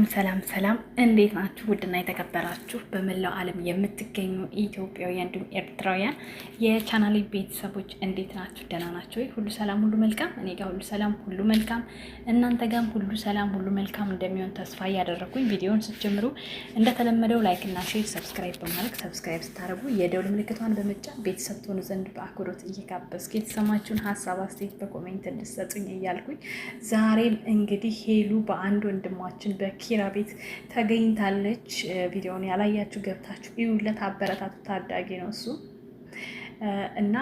ሰላም ሰላም ሰላም፣ እንዴት ናችሁ? ውድና የተከበራችሁ በመላው ዓለም የምትገኙ ኢትዮጵያውያን እንዲሁም ኤርትራውያን የቻናሌ ቤተሰቦች እንዴት ናችሁ? ደህና ናቸው። ሁሉ ሰላም፣ ሁሉ መልካም። እኔ ጋር ሁሉ ሰላም፣ ሁሉ መልካም። እናንተ ጋም ሁሉ ሰላም፣ ሁሉ መልካም እንደሚሆን ተስፋ እያደረግኩኝ ቪዲዮውን ስትጀምሩ እንደተለመደው ላይክ እና ሼር፣ ሰብስክራይብ በማድረግ ሰብስክራይብ ስታደርጉ የደውል ምልክቷን በመጫን ቤተሰብ ትሆኑ ዘንድ በአክብሮት እየጋበዝኩ የተሰማችሁን ሀሳብ አስተያየት በኮሜንት እንድሰጡኝ እያልኩኝ ዛሬም እንግዲህ ሄሉ በአንድ ወንድማችን በኪ ኪራ ቤት ተገኝታለች። ቪዲዮን ያላያችሁ ገብታችሁ እዩለት፣ አበረታቱ። ታዳጊ ነው እሱ እና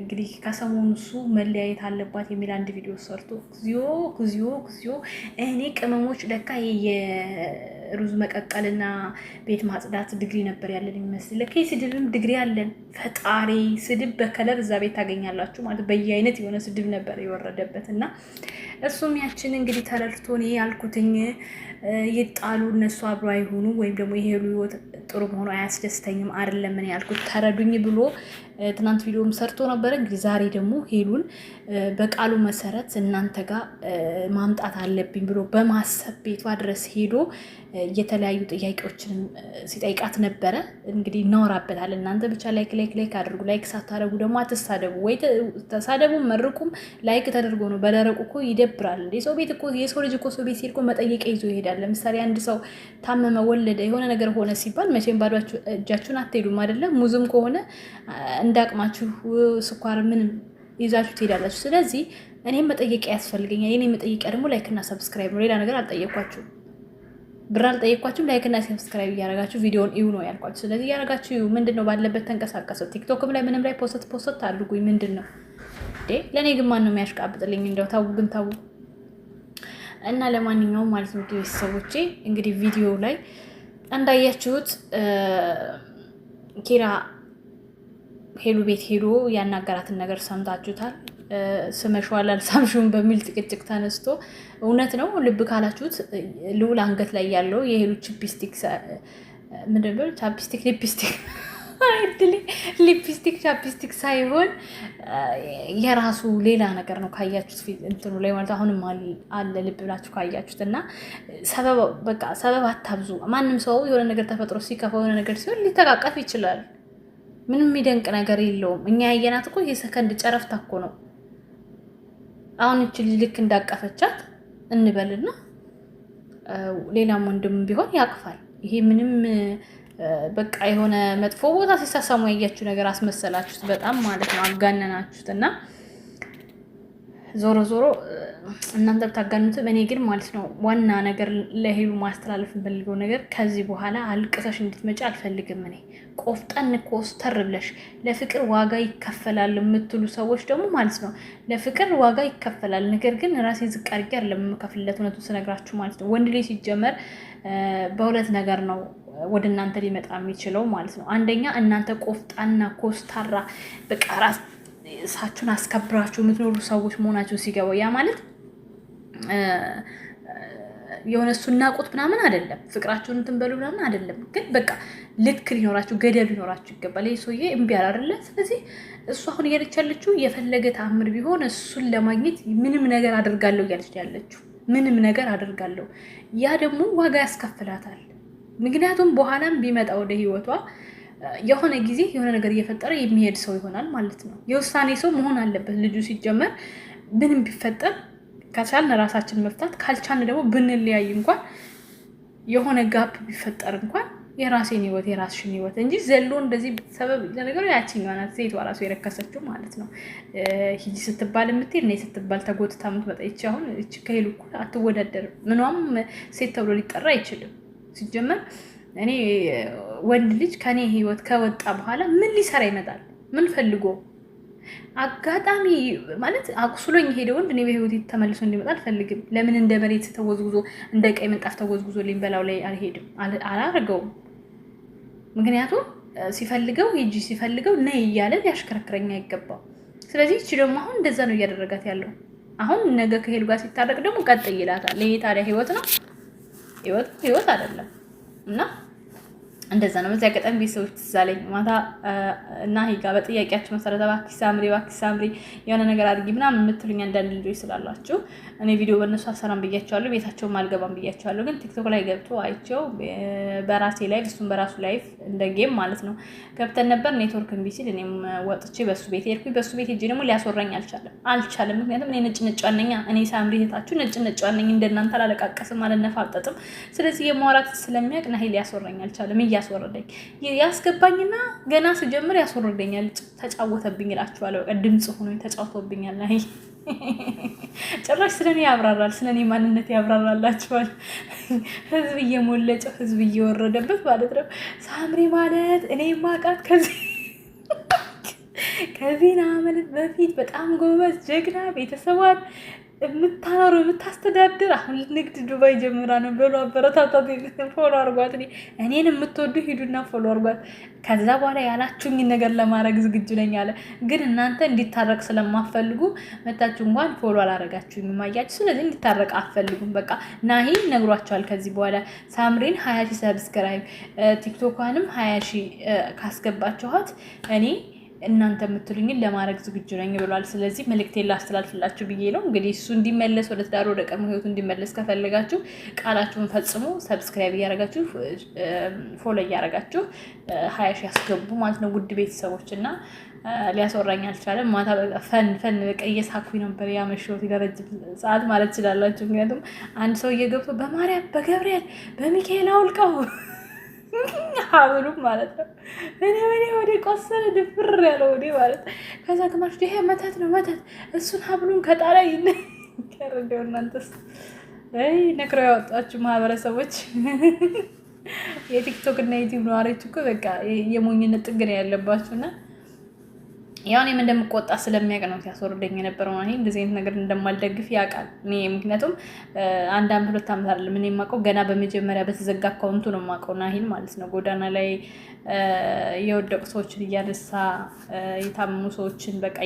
እንግዲህ ከሰሞኑ እሱ መለያየት አለባት የሚል አንድ ቪዲዮ ሰርቶ እግዚኦ እግዚኦ እግዚኦ እኔ ቅመሞች ለካ ሩዝ መቀቀልና ቤት ማጽዳት ድግሪ ነበር ያለን ይመስል። ለከ ስድብም ድግሪ አለን። ፈጣሪ ስድብ በከለር እዛ ቤት ታገኛላችሁ ማለት በየአይነት የሆነ ስድብ ነበር የወረደበት እና እሱም ያችን እንግዲህ ተረድቶ እኔ ያልኩትኝ ይጣሉ እነሱ አብሮ አይሆኑ ወይም ደግሞ የሄሉ ህይወት ጥሩ መሆኑ አያስደስተኝም አይደለም እኔ ያልኩት ተረዱኝ ብሎ ትናንት ቪዲዮም ሰርቶ ነበረ። እንግዲህ ዛሬ ደግሞ ሄሉን በቃሉ መሰረት እናንተ ጋር ማምጣት አለብኝ ብሎ በማሰብ ቤቷ ድረስ ሄዶ የተለያዩ ጥያቄዎችን ሲጠይቃት ነበረ። እንግዲህ እናወራበታለን። እናንተ ብቻ ላይክ ላይክ ላይክ አድርጉ። ላይክ ሳታደርጉ ደግሞ አትሳደቡ። ወይ ተሳደቡ፣ መርቁም። ላይክ ተደርጎ ነው። በደረቁ እኮ ይደብራል። ሰው ቤት እኮ የሰው ልጅ እኮ ሰው ቤት ሲሄድ እኮ መጠየቂያ ይዞ ይሄዳል። ለምሳሌ አንድ ሰው ታመመ፣ ወለደ፣ የሆነ ነገር ሆነ ሲባል መቼም ባዶ እጃችሁን አትሄዱም አይደለም። ሙዝም ከሆነ እንዳቅማችሁ ስኳር፣ ምንም ይዛችሁ ትሄዳላችሁ። ስለዚህ እኔም መጠየቂያ ያስፈልገኛል። የኔ መጠየቂያ ደግሞ ላይክና ሰብስክራይብ ነው። ሌላ ነገር አልጠየኳችሁም። ብር አልጠየኳችሁም። ላይክና ሰብስክራይብ እያደረጋችሁ ቪዲዮን እዩ ነው ያልኳችሁ። ስለዚህ እያደረጋችሁ እዩ። ምንድን ነው ባለበት ተንቀሳቀሰው። ቲክቶክም ላይ ምንም ላይ ፖስት ፖስት አድርጉኝ። ምንድን ነው ለእኔ ግን ማን ነው የሚያሽቃብጥልኝ? እንደው ታው ግን ታው እና ለማንኛውም ማለት ነው ቤተሰቦቼ እንግዲህ ቪዲዮ ላይ እንዳያችሁት ኪራ ሄሉ ቤት ሄዶ ያናገራትን ነገር ሰምታችሁታል። ስመሸዋል አልሳምሽውም በሚል ጭቅጭቅ ተነስቶ እውነት ነው። ልብ ካላችሁት ልውል አንገት ላይ ያለው የሄሉ ቺፕስቲክ ምንድን ነው ቻፕስቲክ ሊፕስቲክ ሊፕስቲክ ቻፕስቲክ ሳይሆን የራሱ ሌላ ነገር ነው። ካያችሁት እንትኑ ላይ ማለት አሁንም አለ ልብ ብላችሁ ካያችሁት እና በቃ ሰበብ አታብዙ። ማንም ሰው የሆነ ነገር ተፈጥሮ ሲከፋ የሆነ ነገር ሲሆን ሊተቃቀፍ ይችላል። ምንም የሚደንቅ ነገር የለውም። እኛ ያየናት እኮ የሰከንድ ጨረፍታ እኮ ነው። አሁን እቺ ልጅ ልክ እንዳቀፈቻት እንበልና ሌላም ወንድም ቢሆን ያቅፋል። ይሄ ምንም በቃ የሆነ መጥፎ ቦታ ሲሳሳሙ ያያችሁ ነገር አስመሰላችሁት፣ በጣም ማለት ነው አጋነናችሁት እና ዞሮ ዞሮ እናንተ ብታጋኑት፣ እኔ ግን ማለት ነው ዋና ነገር ለሄሉ ማስተላለፍ የምፈልገው ነገር ከዚህ በኋላ አልቅሰሽ እንድትመጪ አልፈልግም። እኔ ቆፍጠን ኮስተር ብለሽ ለፍቅር ዋጋ ይከፈላል የምትሉ ሰዎች ደግሞ ማለት ነው ለፍቅር ዋጋ ይከፈላል፣ ነገር ግን ራሴ ዝቅ አድርጌ ለመከፍለት እውነቱን ስነግራችሁ ማለት ነው ወንድ ላይ ሲጀመር በሁለት ነገር ነው ወደ እናንተ ሊመጣ የሚችለው ማለት ነው። አንደኛ እናንተ ቆፍጣና ኮስታራ በቃ ራስ እሳችሁን አስከብራችሁ የምትኖሩ ሰዎች መሆናችሁን ሲገባው ያ ማለት የሆነ እሱን ናቁት ምናምን አይደለም፣ ፍቅራችሁን እንትን በሉ ምናምን አይደለም። ግን በቃ ልክ ሊኖራችሁ ገደብ ሊኖራችሁ ይገባል። ይህ ሰውዬ እምቢ አለ ስለዚህ እሱ አሁን እያለች ያለችው የፈለገ ተአምር ቢሆን እሱን ለማግኘት ምንም ነገር አድርጋለሁ እያለች ያለችው ምንም ነገር አድርጋለሁ። ያ ደግሞ ዋጋ ያስከፍላታል። ምክንያቱም በኋላም ቢመጣ ወደ ህይወቷ የሆነ ጊዜ የሆነ ነገር እየፈጠረ የሚሄድ ሰው ይሆናል ማለት ነው። የውሳኔ ሰው መሆን አለበት ልጁ ሲጀመር። ምንም ቢፈጠር ከቻልን ራሳችን መፍታት፣ ካልቻልን ደግሞ ብንለያይ እንኳን የሆነ ጋፕ ቢፈጠር እንኳን የራሴን ህይወት የራስሽን ህይወት እንጂ ዘሎ እንደዚህ ሰበብ ለነገሩ ያችኛዋ ናት ሴቷ ራሱ የረከሰችው ማለት ነው። ሂጂ ስትባል የምትሄድ ነይ ስትባል ተጎትታ የምትመጣ ይቺ አሁን እች ከሄሉ እኮ አትወዳደርም። ምኗም ሴት ተብሎ ሊጠራ አይችልም ሲጀመር እኔ ወንድ ልጅ ከኔ ህይወት ከወጣ በኋላ ምን ሊሰራ ይመጣል? ምን ፈልጎ አጋጣሚ ማለት አቁስሎኝ ሄደ ወንድ እኔ በህይወት ተመልሶ እንዲመጣ አልፈልግም። ለምን እንደ መሬት ተወዝጉዞ እንደ ቀይ ምንጣፍ ተወዝጉዞ በላው ላይ አልሄድም፣ አላደርገውም። ምክንያቱም ሲፈልገው ሂጂ ሲፈልገው ነይ እያለ ሊያሽከረክረኝ አይገባው። ስለዚህ እቺ ደግሞ አሁን እንደዛ ነው እያደረጋት ያለው። አሁን ነገ ከሄዱ ጋር ሲታረቅ ደግሞ ቀጥ ይላታል። ይሄ ታዲያ ህይወት ነው? ህይወት አይደለም እና እንደዛ ነው። በዚያ አጋጣሚ ቤተሰቦች ትዝ አለኝ ማታ እና ሂጋ በጥያቄያቸው መሰረት እባክሽ ሳምሪ እባክሽ ሳምሪ የሆነ ነገር አድርጊ ምናምን የምትሉኝ አንዳንድ ልጆች ስላላችሁ እኔ ቪዲዮ በእነሱ አሰራም ብያቸዋለሁ፣ ቤታቸውም አልገባም ብያቸዋለሁ። ግን ቲክቶክ ላይ ገብቶ አይቸው በራሴ ላይፍ እሱም በራሱ ላይፍ እንደ ጌም ማለት ነው ገብተን ነበር። ኔትወርክ እምቢ ሲል እኔም ወጥቼ በሱ ቤት ሄድኩኝ። በሱ ቤት ሄጄ ደግሞ ሊያስወራኝ አልቻለም አልቻለም። ምክንያቱም እኔ ነጭ ነጭ ዋነኛ እኔ ሳምሪ እህታችሁ ነጭ ነጭ ዋነኝ እንደናንተ አላለቃቀስም አልነፋጠጥም። ስለዚህ የማውራት ስለሚያውቅ ናሂ ሊያስወራኝ አልቻለም። እያስወረደኝ ያስገባኝና ገና ስጀምር ያስወረደኛል። ተጫወተብኝ እላችኋለሁ። ድምፅ ሆኖ ተጫውቶብኛል። አይ ጭራሽ ስለኔ ያብራራል፣ ስለኔ ማንነት ያብራራላችኋል። ህዝብ እየሞለጨ ህዝብ እየወረደበት ማለት ነው። ሳምሪ ማለት እኔ ማቃት ከዚህ ከዜና በፊት በጣም ጎበዝ ጀግና ቤተሰቧን የምታኖሩ የምታስተዳድር አሁን ንግድ ዱባይ ጀምራ ነው። በሉ አበረታታት፣ ፎሎ አርጓት። እኔን የምትወዱ ሂዱና ፎሎ አርጓት። ከዛ በኋላ ያላችሁኝ ነገር ለማድረግ ዝግጁ ነኝ አለ። ግን እናንተ እንዲታረቅ ስለማፈልጉ መታችሁ እንኳን ፎሎ አላረጋችሁኝም። አያችሁ፣ ስለዚህ እንዲታረቅ አፈልጉም። በቃ ናሂ ነግሯቸዋል። ከዚህ በኋላ ሳምሪን ሀያ ሺህ ሰብስክራይብ ቲክቶኳንም ሀያ ሺህ ካስገባችኋት እኔ እናንተ የምትሉኝን ለማድረግ ዝግጁ ነኝ ብሏል። ስለዚህ መልእክቴን ላስተላልፍላችሁ ብዬ ነው። እንግዲህ እሱ እንዲመለስ ወደ ትዳሩ ወደ ቀድሞ ህይወቱ እንዲመለስ ከፈለጋችሁ ቃላችሁን ፈጽሙ። ሰብስክራይብ እያደረጋችሁ ፎሎ እያደረጋችሁ ሀያ ሺህ ያስገቡ ማለት ነው ውድ ቤተሰቦች እና ሊያስወራኝ አልቻለም። ማታ ፈን ፈን በቃ እየሳኩኝ ነበር ያመሸሁት ለረጅም ሰዓት ማለት ትችላላችሁ። ምክንያቱም አንድ ሰው እየገብቶ በማርያም በገብርኤል በሚካኤል አውልቀው ሀብሉም ማለት ነው። እኔ ወኔ ወደ ቆሰለ ድፍር ያለ ወደ ማለት ከዛ ግማሽ ይሄ መተት ነው መተት፣ እሱን ሀብሉን ከጣላ ይነ ይቀርደው። እናንተስ ይ ነክረው ያወጣችሁ ማህበረሰቦች፣ የቲክቶክ እና የዩቲዩብ ነዋሪዎች እኮ በቃ የሞኝነት ጥግ ነው ያለባችሁ ያው እኔም እንደምቆጣ ስለሚያውቅ ነው ሲያስወርደኝ የነበረው። እኔ እንደዚህ አይነት ነገር እንደማልደግፍ ያውቃል። እኔ ምክንያቱም አንድ አመት ሁለት አመት አለ ምን የማውቀው ገና በመጀመሪያ በተዘጋ አካውንቱ ነው የማውቀው ናሂን ማለት ነው። ጎዳና ላይ የወደቁ ሰዎችን እያነሳ የታመሙ ሰዎችን በቃ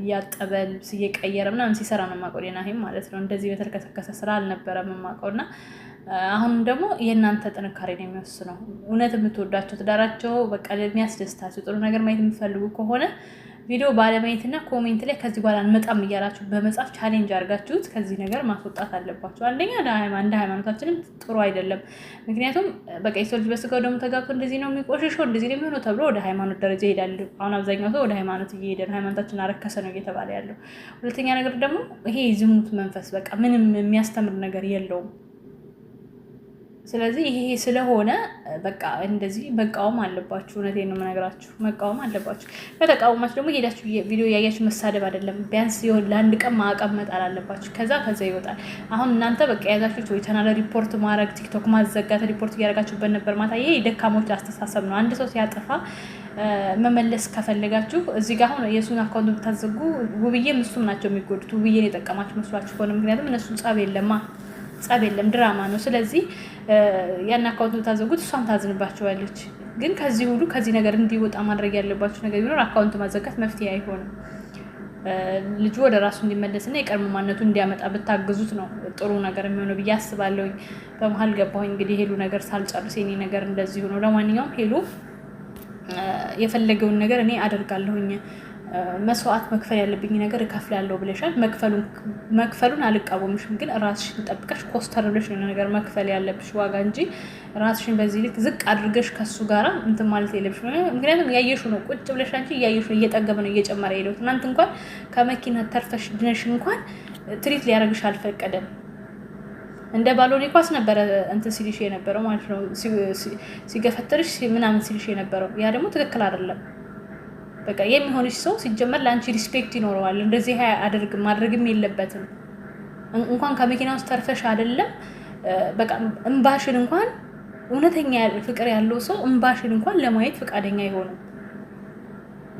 እያጠበ ልብስ እየቀየረ ምናምን ሲሰራ ነው የማውቀው ናሂን ማለት ነው። እንደዚህ በተልከሰከሰ ስራ አልነበረም የማውቀው እና አሁን ደግሞ የእናንተ ጥንካሬ ነው የሚወስነው። እውነት የምትወዳቸው ትዳራቸው በቃ የሚያስደስታቸው ጥሩ ነገር ማየት የሚፈልጉ ከሆነ ቪዲዮ ባለማየትና ኮሜንት ላይ ከዚህ በኋላ አንመጣም እያላችሁ በመጻፍ ቻሌንጅ አድርጋችሁት ከዚህ ነገር ማስወጣት አለባችሁ። አንደኛ እንደ ሃይማኖታችንም ጥሩ አይደለም። ምክንያቱም በቃ የሰው ልጅ በስጋው ደግሞ ተጋብቶ እንደዚህ ነው የሚቆሸሸው እንደዚህ ነው የሚሆነው ተብሎ ወደ ሃይማኖት ደረጃ ይሄዳል። አሁን አብዛኛው ሰው ወደ ሃይማኖት እየሄደ ነው። ሃይማኖታችን አረከሰ ነው እየተባለ ያለው። ሁለተኛ ነገር ደግሞ ይሄ ዝሙት መንፈስ በቃ ምንም የሚያስተምር ነገር የለውም። ስለዚህ ይሄ ስለሆነ በቃ እንደዚህ መቃወም አለባችሁ። እውነቴን ነው የምነግራችሁ፣ መቃወም አለባችሁ። ከተቃወማችሁ ደግሞ ሄዳችሁ ቪዲዮ እያያችሁ መሳደብ አይደለም፣ ቢያንስ ሲሆን ለአንድ ቀን ማዕቀብ መጣል አለባችሁ። ከዛ ከዛ ይወጣል። አሁን እናንተ በቃ የያዛችሁ ወይ ቻናል ሪፖርት ማድረግ፣ ቲክቶክ ማዘጋት፣ ሪፖርት እያደረጋችሁበት ነበር ማታ። ይሄ የደካሞች አስተሳሰብ ነው። አንድ ሰው ሲያጠፋ መመለስ ከፈለጋችሁ እዚህ ጋር አሁን የእሱን አካውንት ብታዘጉ ውብዬም እሱም ናቸው የሚጎዱት። ውብዬን የጠቀማችሁ መስሏችሁ ከሆነ ምክንያቱም እነሱ ጸብ የለማ ጸብ የለም፣ ድራማ ነው። ስለዚህ ያን አካውንት ብታዘጉት እሷም ታዝንባቸዋለች። ግን ከዚህ ሁሉ ከዚህ ነገር እንዲወጣ ማድረግ ያለባቸው ነገር ቢኖር አካውንት ማዘጋት መፍትሄ አይሆንም። ልጁ ወደ ራሱ እንዲመለስና የቀድሞ ማነቱ እንዲያመጣ ብታግዙት ነው ጥሩ ነገር የሚሆነው ብዬ አስባለሁኝ። በመሀል ገባሁኝ እንግዲህ ሄሉ ነገር ሳልጨርስ የኔ ነገር እንደዚሁ ነው። ለማንኛውም ሄሉ የፈለገውን ነገር እኔ አደርጋለሁኝ መስዋዕት መክፈል ያለብኝ ነገር እከፍላለሁ ብለሻል። መክፈሉን አልቃወምሽም፣ ግን ራስሽን ጠብቀሽ ኮስተር ብለሽ የሆነ ነገር መክፈል ያለብሽ ዋጋ እንጂ ራስሽን በዚህ ልክ ዝቅ አድርገሽ ከሱ ጋር እንትን ማለት የለብሽ። ምክንያቱም እያየሽው ነው፣ ቁጭ ብለሽ አንቺ እያየሽው ነው፣ እየጠገበ ነው፣ እየጨመረ ሄደው። ትናንት እንኳን ከመኪና ተርፈሽ ድነሽ እንኳን ትሪት ሊያደርግሽ አልፈቀደም። እንደ ባሎኔ ኳስ ነበረ እንትን ሲልሽ የነበረው ማለት ነው፣ ሲገፈተርሽ ምናምን ሲልሽ የነበረው ያ ደግሞ ትክክል አይደለም። በቃ የሚሆንሽ ሰው ሲጀመር ለአንቺ ሪስፔክት ይኖረዋል። እንደዚህ አደርግም ማድረግም የለበትም። እንኳን ከመኪና ውስጥ ተርፈሽ አይደለም በቃ እምባሽን እንኳን እውነተኛ ፍቅር ያለው ሰው እምባሽን እንኳን ለማየት ፈቃደኛ አይሆንም።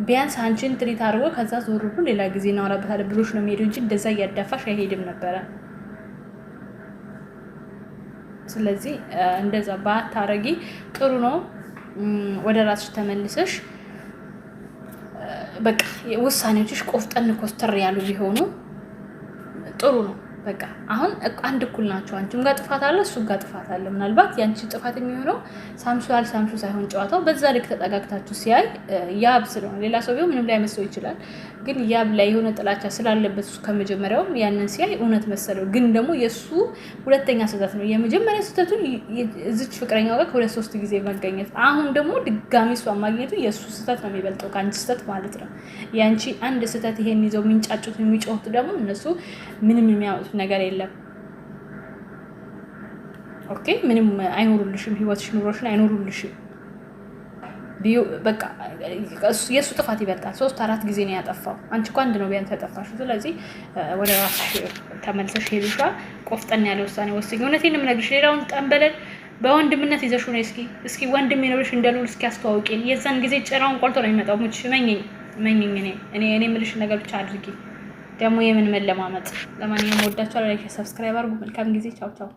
ቢያንስ አንቺን ትሪት አድርጎ ከዛ ዞር ብሎ ሌላ ጊዜ እናወራበታለን ብሎሽ ነው የሚሄደው እንጂ እንደዛ እያዳፋሽ አይሄድም ነበረ። ስለዚህ እንደዛ በአታረጊ ጥሩ ነው። ወደ ራስሽ ተመልሰሽ በቃ ውሳኔዎችሽ ቆፍጠን ኮስተር ያሉ ቢሆኑ ጥሩ ነው። በቃ አሁን አንድ እኩል ናቸው። አንቺም ጋር ጥፋት አለ፣ እሱ ጋር ጥፋት አለ። ምናልባት የአንቺ ጥፋት የሚሆነው ሳምሱ አልሳምሱ ሳይሆን ጨዋታው በዛ ልክ ተጠጋግታችሁ ሲያይ ያብ ስለሆነ ሌላ ሰው ቢሆን ምንም ላይ ይችላል። ግን ያብ ላይ የሆነ ጥላቻ ስላለበት እሱ ከመጀመሪያውም ያንን ሲያይ እውነት መሰለው። ግን ደግሞ የእሱ ሁለተኛ ስህተት ነው። የመጀመሪያ ስተቱ እዚች ፍቅረኛው ጋር ከሁለት ሶስት ጊዜ መገኘት፣ አሁን ደግሞ ድጋሚ እሷን ማግኘቱ የእሱ ስህተት ነው የሚበልጠው ከአንቺ ስህተት ማለት ነው። ያንቺ አንድ ስህተት ይሄን ይዘው የሚንጫጩት የሚጮሁት ደግሞ እነሱ ምንም የሚያመጡት ነገር የለም። ኦኬ ምንም አይኖሩልሽም። ህይወትሽ ኑሮሽን አይኖሩልሽም። የእሱ ጥፋት ይበልጣል። ሶስት አራት ጊዜ ነው ያጠፋው። አንቺ እኮ አንድ ነው ቢያንስ ያጠፋሽው። ስለዚህ ወደ ራስሽ ተመልሰሽ ሄዱሻ ቆፍጠን ያለ ውሳኔ ወስኝ። እውነቴን የምነግርሽ ሌላውን ጠንበለን በወንድምነት ይዘሹ ነው። እስኪ እስኪ ወንድም ይኖርሽ እንደ ልዑል እስኪ አስተዋውቂን። የዛን ጊዜ ጭራውን ቆልቶ ነው የሚመጣው። ሙች መኝኝ እኔ እኔ እኔ የምልሽን ነገር ብቻ አድርጊ። ደግሞ የምን መለማመጥ። ለማንኛውም ወዳቸኋል። ላይክ፣ ሰብስክራይብ አድርጉ። መልካም ጊዜ። ቻው ቻው።